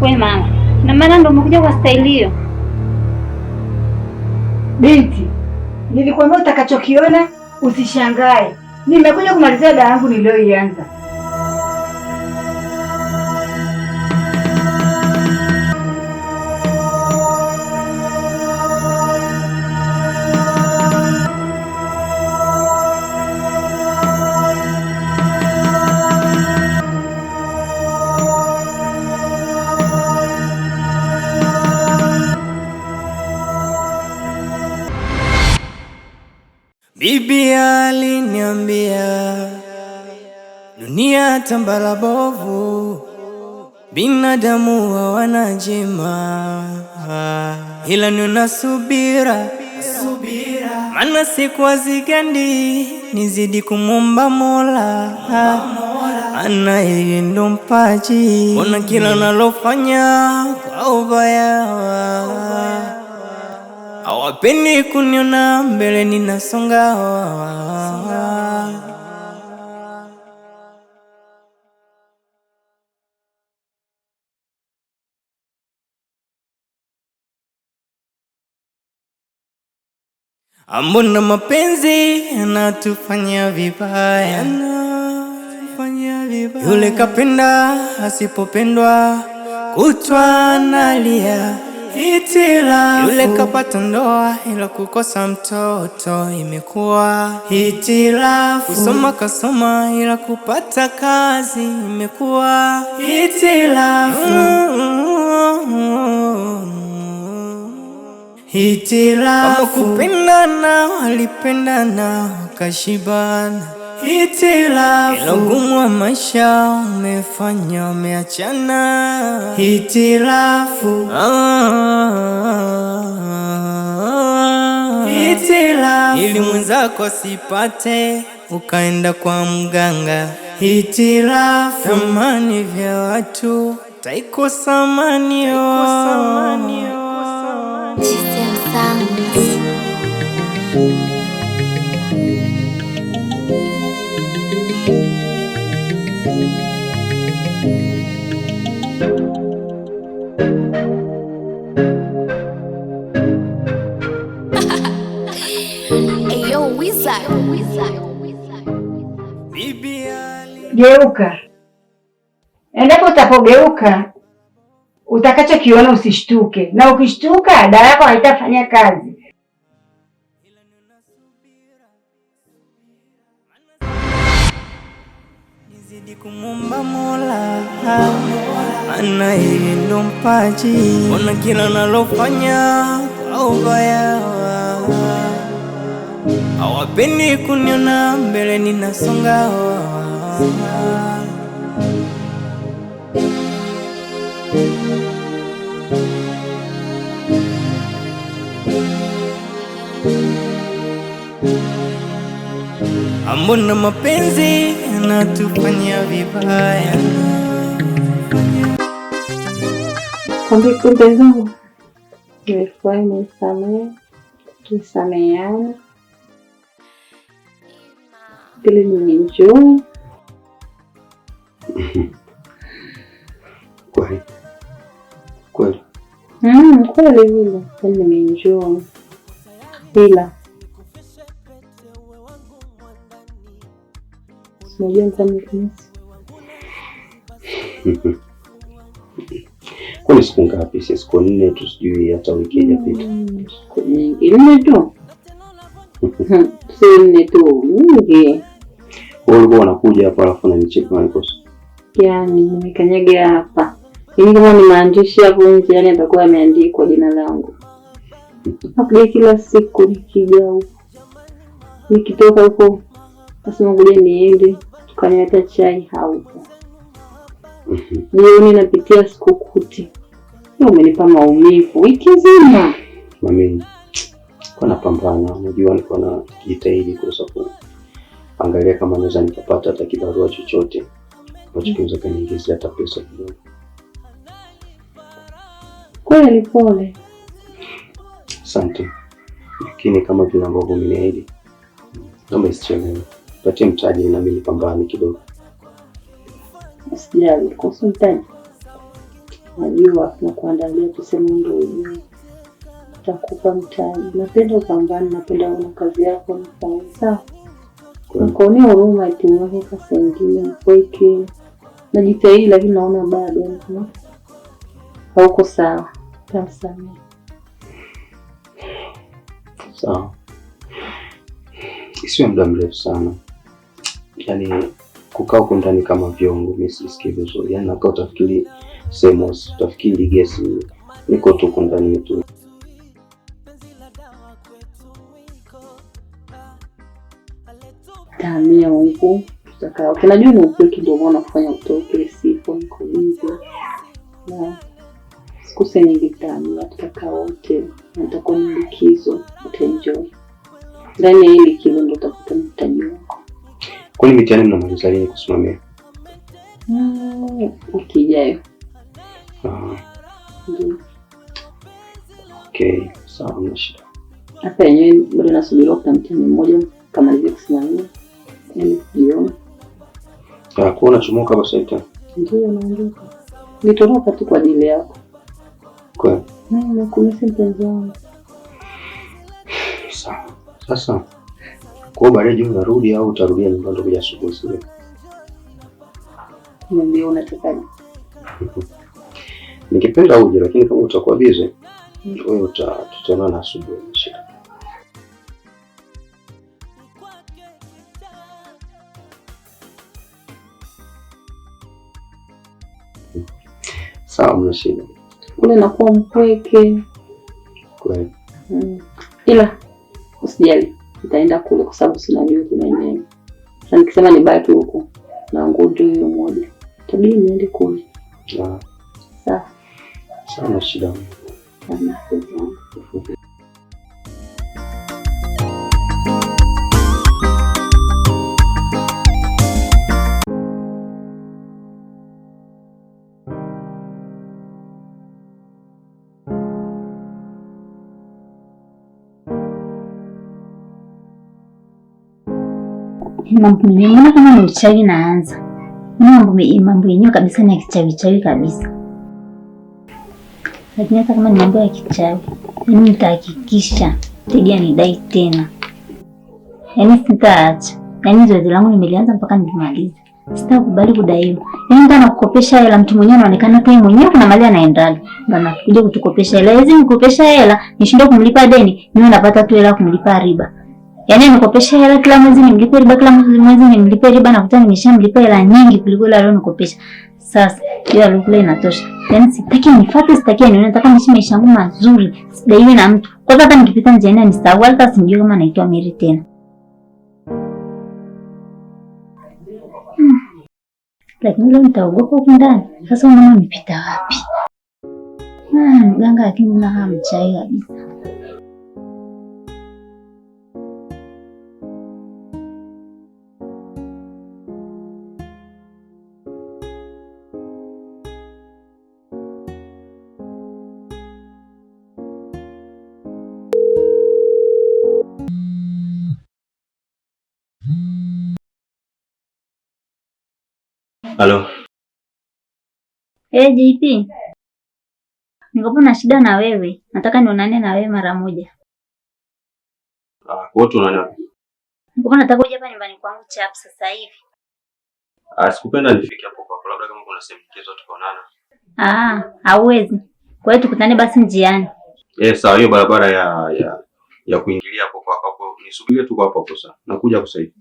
We mama, na maana ndo umekuja kwa staili hiyo? Binti, nilikwambia utakachokiona usishangae. Nimekuja kumalizia dawa yangu niliyoianza. Bibi aliniambia dunia tambala bovu, binadamu wa njema, ila nina subira, mana siku azigandi, nizidi kumwomba Mola anaye ndo mpaji, ona kila nalofanya kwa ubaya awapeni kuniona mbele ninasonga, songa. Ambona mapenzi yanatufanya vibaya, vibaya. Yule kapenda asipopendwa kutwa nalia Hitira. Yule kapata ndoa ila kukosa mtoto imekuwa hitirafu. Kusoma kasoma ila kupata kazi imekuwa hitirafu. mm kupendana walipendana wakashibana Hitilafu wa maisha umefanya umeachana, hitilafu ah. ili mwenzako sipate ukaenda kwa mganga, hitilafu thamani vya watu taiko samanio taiko samanio Geuka, endapo utapogeuka utakachokiona usishtuke, na ukishtuka dawa yako haitafanya kazi. Kumumba Mola anaye ndo mpaji, ona kila nalofanya kwa ubaya. Hawapendi kuniona mbele ninasonga, ambona mapenzi unatufanya vibaya. Kumbe zangu nimefurahi, nisamehe, nisameheana. Pili ni kweli kweli hmm, kweli, vile nimeenjoy ila Kwani siku ngapi? Si siku nne tu, sijui hata wiki haijapita. Mm, siku nyingi nne tu, si nne tu, nyingi. Ulikuwa unakuja hapa alafu unanicheka nikosa. Yaani nimekanyaga hapa hivi, kama ni maandishi hapo nje, yaani atakuwa ameandikwa jina langu. Nakuja kila siku nikija huko, nikitoka huko basi ngoja niende tukanyata chai. Haupo jioni, napitia sikukuti. Umenipa maumivu wiki nzima mami, kwa napambana. Unajua, niko na jitahidi kuweza kuangalia kama naweza nikapata hata kibarua chochote ambacho kinaweza kaniingizia hata pesa kidogo. Kweli pole, asante, lakini kama vile ambavyo umeniahidi, naomba isichelewe. Patie mtaji na mimi pambani kidogo. Sijali kuhusu mtaji najua nakuandalia tusemundo wenyewe, takupa mtaji. Napenda upambane, napenda una kazi yako nafanya sawa, nakuonea huruma itimwake kasa ingine mpweke, najitahidi lakini naona bado hauko sawa. Tamsamia sawa, isiwe muda mrefu sana yani kukaa huko ndani kama viongo, mi sisikii vizuri yani, nakaa utafikiri semos, utafikiri gesi, niko tu huko ndani yetu. Tamia huku tutakaa okay. ni upweke ndio maana kufanya utoke, sifo niko hivyo na sikuse nyingi tamia, tutakaa wote natakuwa ni likizo, utaenjoy ndani ya hii Kwani mitihani mnamaliza lini kusimamia? Mm, wiki ijayo. Ah. Okay, sawa na shida. Hata yenyewe bado nasubiriwa kwa mtihani mmoja kamalizie kusimamia. Yaani jioni. Ah, kwa Ndio naondoka. Nitoroka tu kwa ajili yako. Kwa. Mm, na kumisi mpenzi wangu. Sawa. Sasa kwa hiyo baadaye jioni unarudi au utarudia nyumbani kuja asubuhi zile? Niambie unatakaje? Nikipenda uje, lakini kama utakuwa busy mm. wewe utatutana na asubuhi. Sawa, mna shida. Ule nakuwa mpweke kweli. Mm. Ila usijali nitaenda kule kwa sababu sina juu kuna nyanya. Sasa nikisema baki huko na nguo hiyo moja, tabii niende kule. Sawa sana, shida sana. mambo Mbona kama ni uchawi naanza? Mambo mambo yenyewe kabisa ni ya kichawi chawi kabisa, lakini hata kama ni mambo ya kichawi, yaani mimi nitahakikisha teja nidai tena, yaani sitaacha. Yaani zoezi langu nimelianza mpaka nimalize, sitakubali kudaiwa. Yaani ndo nakukopesha hela mtu mwenyewe anaonekana kai mwenyewe, kuna mali anaendaga, ndo nakuja kutukopesha hela. Hizi nikukopesha hela nishindwe kumlipa deni, niwe napata tu hela kumlipa riba Yaani nikopesha hela kila mwezi nimlipe riba, kila mwezi nimlipe riba, nakuta nimeshamlipa hela nyingi kuliko ile alionikopesha. Sasa hiyo alokula inatosha. Yaani sitaki nifuate, sitaki nione, nataka niishi maisha yangu mazuri, sidaiwe na mtu. Kwa sababu nikipita njiani anisahau, hata sijui kama naitwa Mary tena. Lakini leo nitaogopa huko ndani. Sasa mama nipita wapi? Ah, mganga lakini mna hamchai kabisa. Halo. Hey, JP. Nikopo na shida na wewe, nataka nionane na wewe mara moja. Ah, kwa wote unaona. Nikopo nataka uje hapa nyumbani kwangu chap sasa hivi. Ah, sikupenda nifike hapo kwa labda kama kuna sehemu nyingine tukaonana. Ah, hauwezi. Kwa hiyo tukutane basi njiani. Eh, yes, sawa, hiyo barabara ya ya ya kuingilia hapo kwa hapo. Nisubirie tu kwa hapo sasa. Nakuja kusaidia.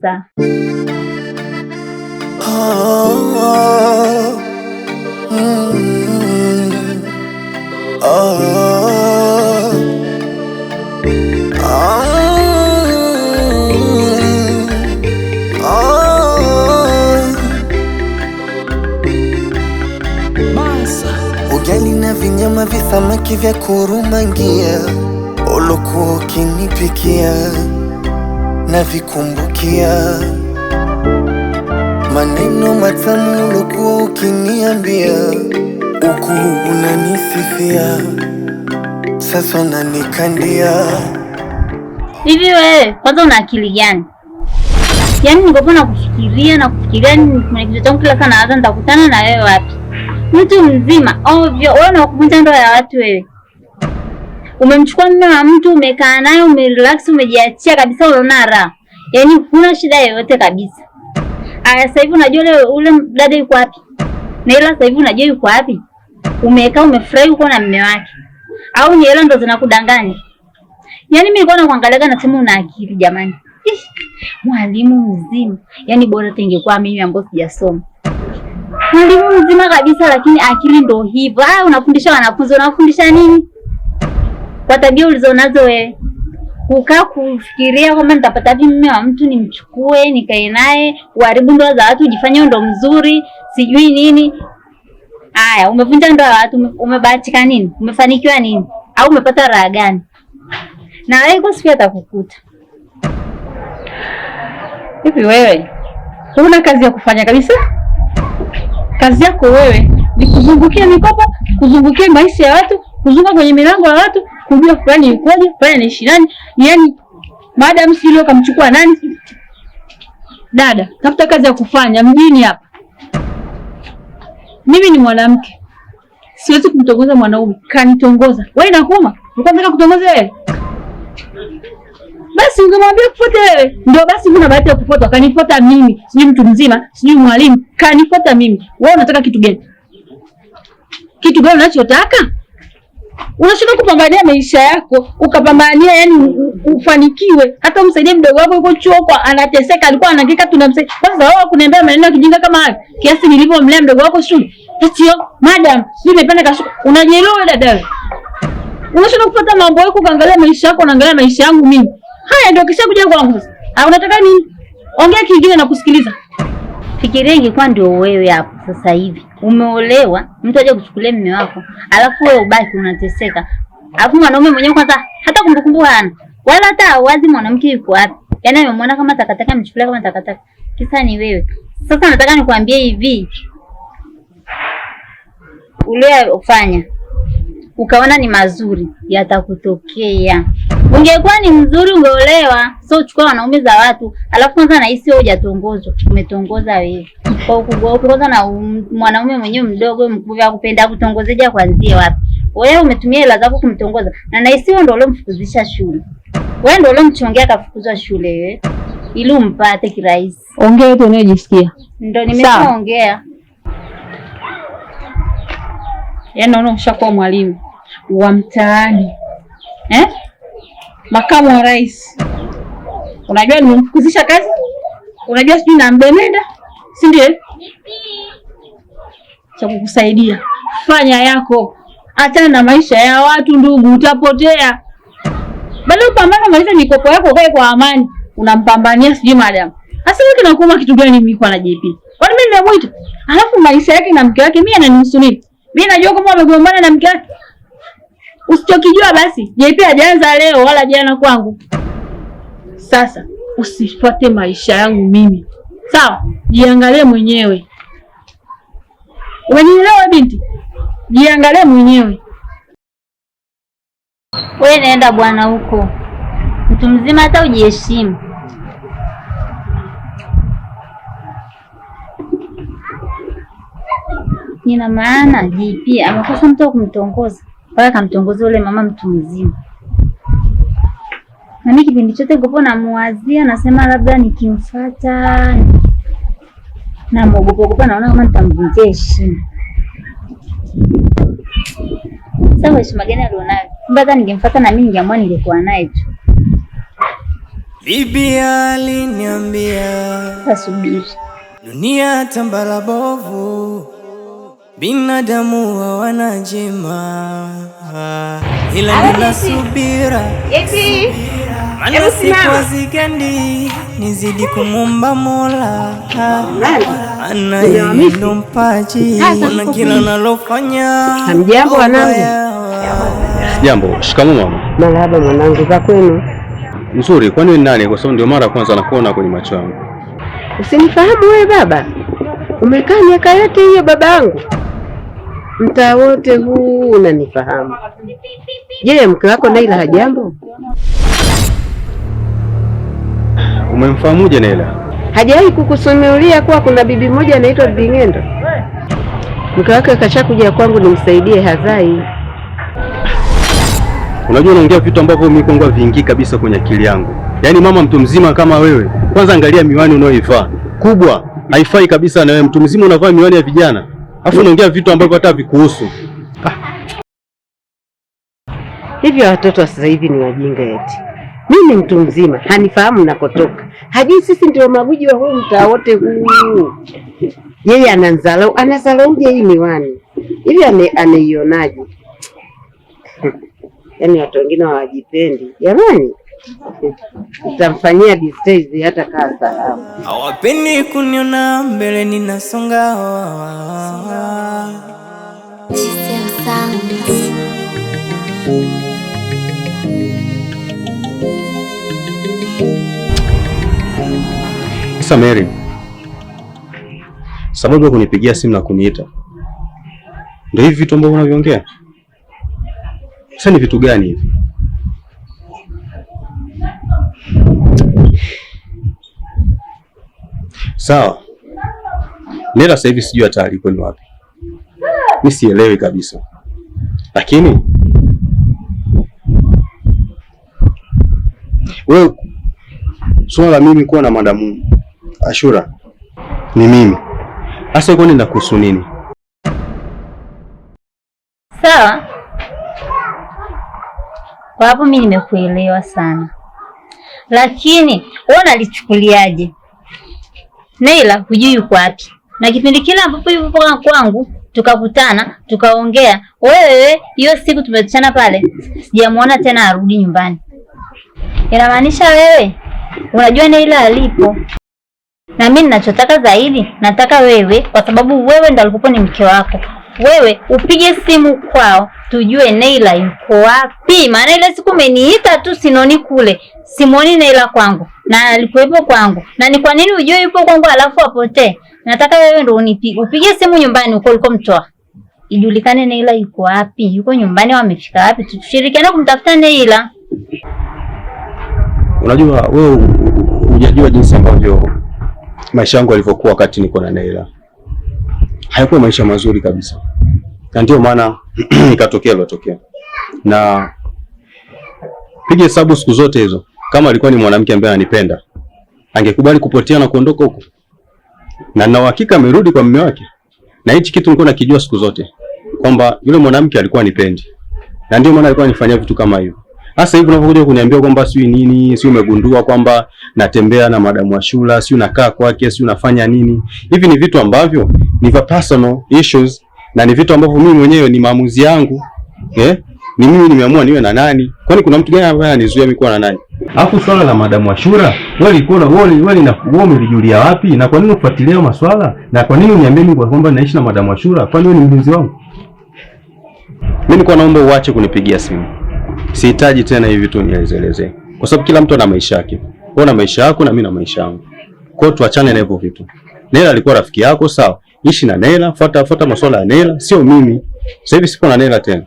Sawa. Ugali na vinyama visamaki vya kurumangia ulokuwa ukinipikia na vikumbukia maneno matamu ulokuwa ukiniambia, huku unanisifia, sasa unanikandia hivi. Wewe kwanza una akili gani? Yaani ningekuwa na kufikiria na kufikiria kwenye kichwa changu kila saa, nawaza nitakutana na wewe wapi? Mtu mzima ovyo, wewe unakuvunja ndoa ya watu wewe umemchukua mume wa mtu umekaa naye umerelax umejiachia kabisa, unaona raha, yaani huna shida yoyote kabisa. Aya, sasa hivi unajua ule ule dada yuko wapi? Na sasa hivi unajua yuko wapi? Umekaa umefurahi uko na mume wake. Au ni hela ndo zinakudanganya? Yaani mimi nilikuwa nakuangaliaga nasema una akili jamani. Mwalimu mzima. Yaani bora tengekuwa mimi ambayo sijasoma. Mwalimu mzima kabisa lakini akili ndo hivyo. Ah, unafundisha wanafunzi, unafundisha nini? Kwa tabia ulizonazo wewe kukaa kufikiria kwamba nitapata vipi mume wa mtu nimchukue nikae naye, uharibu ndoa za watu, ujifanye ndo mzuri sijui nini. Haya, umevunja ndoa ya watu, umebahatika nini? Umefanikiwa nini? Au umepata raha gani? Na wewe kwa siku atakukuta hivi. Wewe una kazi ya kufanya kabisa? Kazi yako wewe ni kuzungukia mikopo, kuzungukia maisha ya watu kuzunguka kwenye milango ya watu, kujua fulani yukoje, fulani anaishi nani, yani baada ya leo kamchukua nani? Dada, tafuta kazi ya kufanya mjini hapa. Mimi ni mwanamke, siwezi kumtongoza mwanaume, kanitongoza wewe. Nakuma ulikuwa unataka kutongoza wewe, basi ungemwambia kufuata wewe. Ndio basi, mimi na bahati ya kufuatwa, kanifuata mimi, sijui mtu mzima, sijui mwalimu, kanifuata mimi. Wewe unataka kitu gani? Kitu gani unachotaka? unashinda kupambania maisha yako ukapambania, yani ufanikiwe, hata umsaidie mdogo wako yuko chuo kwa anateseka, alikuwa anaangika, tunamsaidia. Kwanza wao kuniambia maneno ya kijinga kama haya, kiasi nilivyomlea mdogo wako shule, sio madam, mimi nimepanda kashuka. Unajielewa dada? Unashinda kupata mambo yako, kaangalia maisha yako, naangalia maisha yangu mimi. Haya ndio kisha kuja kwangu sasa. Ah, unataka nini? Ongea kingine na kusikiliza. Fikiria ingekuwa ndio wewe hapo sasa hivi, umeolewa, mtu aje kuchukulia mume wako, alafu wewe ubaki unateseka, alafu mwanaume mwenyewe kwanza hata kumbukumbu hana wala hata awazi mwanamke yuko wapi, yaani amemwona kama takataka, amechukulia kama takataka, kisa ni wewe. Sasa nataka nikuambie hivi, uliofanya ukaona ni mazuri yatakutokea. Ungekuwa ni mzuri ungeolewa, so chukua wanaume za watu, alafu kwanza nahisi wewe hujatongozwa, umetongoza wewe kwa ukubwa wako, kwanza na um, mwanaume mwenyewe mdogo mkubwa akupenda kutongozeja kwanzie wapi? Wewe umetumia hela zako kumtongoza, na nahisi wewe ndio ule mfukuzisha shule, wewe ndio ule mchongea kafukuzwa shule wewe, ili umpate kirahisi. Ongea yote unayojisikia, ndio nimeshaongea. Yaani unaona ushakuwa mwalimu wa mtaani eh? Makamu wa rais, unajua nimemfukuzisha kazi, unajua sijui na mbemeda, si ndio? Cha kukusaidia fanya yako, hata na maisha ya watu ndugu, utapotea bado. Pambana, maliza mikopo yako, ukae kwa amani. Unampambania sijui madam hasa kinakuuma kitu gani? Mimi kwa na JP kwani mimi nimemwita? Alafu maisha yake na mke wake, mimi ananihusu nini? Mimi najua kama amegombana na mke wake usichokijua basi JP hajaanza leo wala jana kwangu. Sasa usifuate maisha yangu mimi, sawa? Jiangalie mwenyewe, umenielewa binti? Jiangalie mwenyewe. We naenda bwana huko, mtu mzima hata ujiheshimu. Nina maana JP amekosa mtu wa kumtongoza pale kamtongozi yule mama mtu mzima. Na mimi kipindi chote nilikuwa namuwazia, nasema labda nikimfuata na mwogopa ogopa, naona kama nitamvunjia heshima. Sasa heshima gani alionayo? Kumbe hata ningemfuata na mimi ningeamua ningekuwa naye tu. Bibi aliniambia, subiri, dunia tambala bovu Binadamu wa njema, ila nina subira, maana siku zikendi nizidi kumumba Mola, ana yeye ndo mpaji na kila nalofanya. Hamjambo wanangu? Jambo. Shikamoo mama. Marahaba mwanangu, za kwenu? Nzuri. Kwani ni nani? Kwa sababu ndio mara ya kwanza nakuona kwenye macho yangu. Usinifahamu wewe baba? Umekaa miaka yote hiyo baba yangu Mtaa wote huu unanifahamu. Je, mke wako Naila hajambo? Umemfahamuje Naila? Hajawahi kukusumulia kuwa kuna bibi moja anaitwa Bingendo? Mke wake kashakuja kwangu nimsaidie, hazai. Unajua, unaongea vitu ambavyo mimi kwangu vingi kabisa kwenye akili yangu. Yaani mama mtu mzima kama wewe, kwanza angalia miwani unayoivaa kubwa, haifai kabisa na wewe mtu mzima unavaa miwani ya vijana. Alafu unaongea vitu ambavyo hata vikuhusu. Hivyo watoto sasa hivi ni wajinga eti. Mimi ni mtu mzima, hanifahamu nakotoka. Hajui sisi ndio maguji wa huu mtaa wote huu. Yeye ananzalau, anazalauje hii miwani. Hivi ane, anaionaje? Yaani watu wengine hawajipendi. Jamani nitamfanyia disguise hata kasa salamu. kuniona mbele ninasonga sasa. Mary, sababu ya kunipigia simu na kuniita ndio hivi vitu ambavyo unaviongea sasa, ni vitu gani hivi? Sawa. Nela sasa hivi sijui hata aliko ni wapi. Mimi sielewi kabisa. Lakini wewe swala mimi kuwa na madamu Ashura ni mimi. Sasa iko nenda kuhusu nini? Sawa. Kwa hapo mimi nimekuelewa sana. Lakini wewe unalichukuliaje? Naila hujui yuko wapi, na kipindi kile ambapo yupo kwangu tukakutana tukaongea, wewe hiyo siku tumekutana pale, sijamuona tena arudi nyumbani. Inamaanisha wewe unajua Naila alipo, na mimi ninachotaka zaidi, nataka wewe, kwa sababu wewe ndio alikuwa ni mke wako, wewe upige simu kwao tujue Naila yuko wapi, maana ile siku umeniita tu Sinoni kule, simwoni Naila kwangu na alikuwepo kwangu, na ni kwa nini ujue yupo kwangu alafu apotee? Nataka wewe ndio unipige, upige simu nyumbani huko ulikomtoa, ijulikane Neila yuko wapi, yuko nyumbani, wamefika wapi, tushirikiane kumtafuta Neila. Unajua wewe hujajua jinsi ambavyo maisha yangu yalivyokuwa wakati niko na Neila, hayakuwa maisha mazuri kabisa, na ndio maana ikatokea lotokea, Na piga hesabu siku zote hizo kama alikuwa ni mwanamke ambaye ananipenda, angekubali kupotea na kuondoka huko, na na uhakika amerudi kwa mume wake. Na hichi kitu nilikuwa nakijua siku zote kwamba yule mwanamke alikuwa anipendi, na ndio maana alikuwa anifanyia vitu kama hivyo. Sasa hivi unapokuja kuniambia kwamba sijui nini, sijui umegundua kwamba natembea na madamu wa shula, sijui nakaa kwake, sijui unafanya nini, hivi ni vitu ambavyo ni personal issues na ni vitu ambavyo mimi mwenyewe ni maamuzi yangu eh? ni mimi nimeamua niwe na nani? Kwani kuna mtu gani ambaye anizuia mimi kuwa na nani? Alafu swala la Madamu Ashura, wewe ulikuwa na wewe wewe na wewe umelijulia wapi? Na kwa nini ufuatilia maswala? Na kwa nini uniambie mimi kwa kwamba naishi na Madamu Ashura? Kwani wewe ni mlinzi wangu? Mimi nilikuwa naomba uache kunipigia simu. Sihitaji tena hivi tu unielezeleze. Kwa sababu kila mtu ana maisha yake. Wewe una maisha yako na mimi na maisha yangu. Kwa hiyo tuachane na hivyo vitu. Nela alikuwa rafiki yako, sawa? Ishi na Nela, fuata fuata masuala ya Nela, sio mimi. Sasa hivi sipo na Nela tena.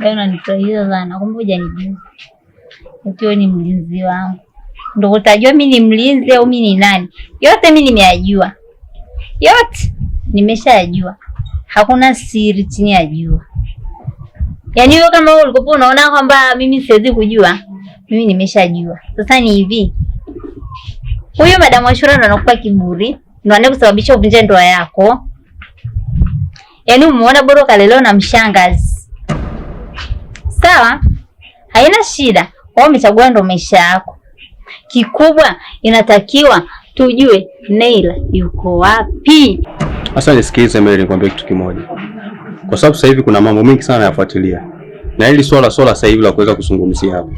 Yaani Nanitaiza sana, kumbe hujanijua. Ukiwa ni mlinzi wangu, ndio utajua mi ni mlinzi au mi ni nani. Yote mi nimeyajua, yote nimeshayajua, hakuna siri chini ya jua. Yaani wewe kama wewe unaona kwamba mimi siwezi kujua, mimi nimeshajua. Sasa ni hivi, huyo madamu Ashura ndo anakupa kiburi, ndo anakusababisha uvunje ndoa yako yaani umeona bora ukalelewa na mshangazi. Sawa, haina shida, wao umechagua ndo maisha yako. Kikubwa inatakiwa tujue Naila yuko wapi. Sasa nisikilize Mary, nikwambie kitu kimoja, kwa sababu sasa hivi kuna mambo mengi sana yafuatilia na hili swala swala sasa hivi la kuweza kuzungumzia hapa.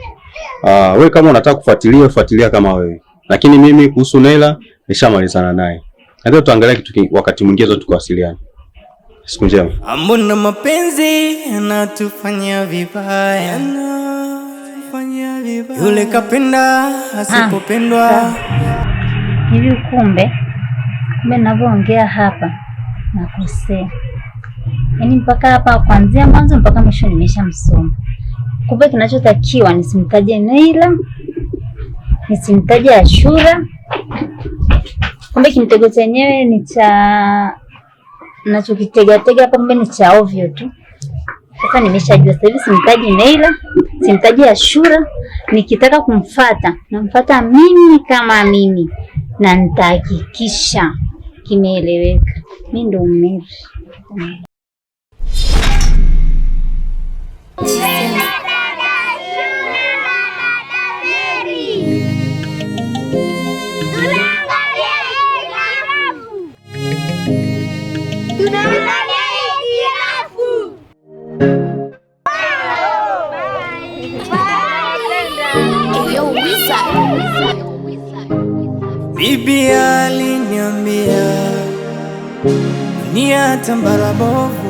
Ah, uh, wewe kama unataka kufuatilia fuatilia kama wewe, lakini mimi kuhusu Naila nishamalizana naye, ndio tuangalie kitu wakati mwingine tukawasiliana. Siku njema. Ambona mapenzi anatufanya vibaya, anatufanya vibaya. Yule kapenda asipopendwa. Ah, ah. Hivi kumbe kumbe ninavyoongea hapa nakosea, yaani mpaka hapa kuanzia mwanzo mpaka mwisho nimesha msomo Kumbe kinachotakiwa nisimtaje Naila, nisimtaje Ashura. Kumbe kimtego chenyewe ni cha nachokitegatega hapa kumbe ni cha ovyo tu. Sasa nimeshajua sasa hivi, simtaji Neila, simtaji Ashura. Nikitaka kumfata namfata mimi kama mimi, na nitahakikisha kimeeleweka. Mi ndo Meri. Bibi aliniambia dunia bovu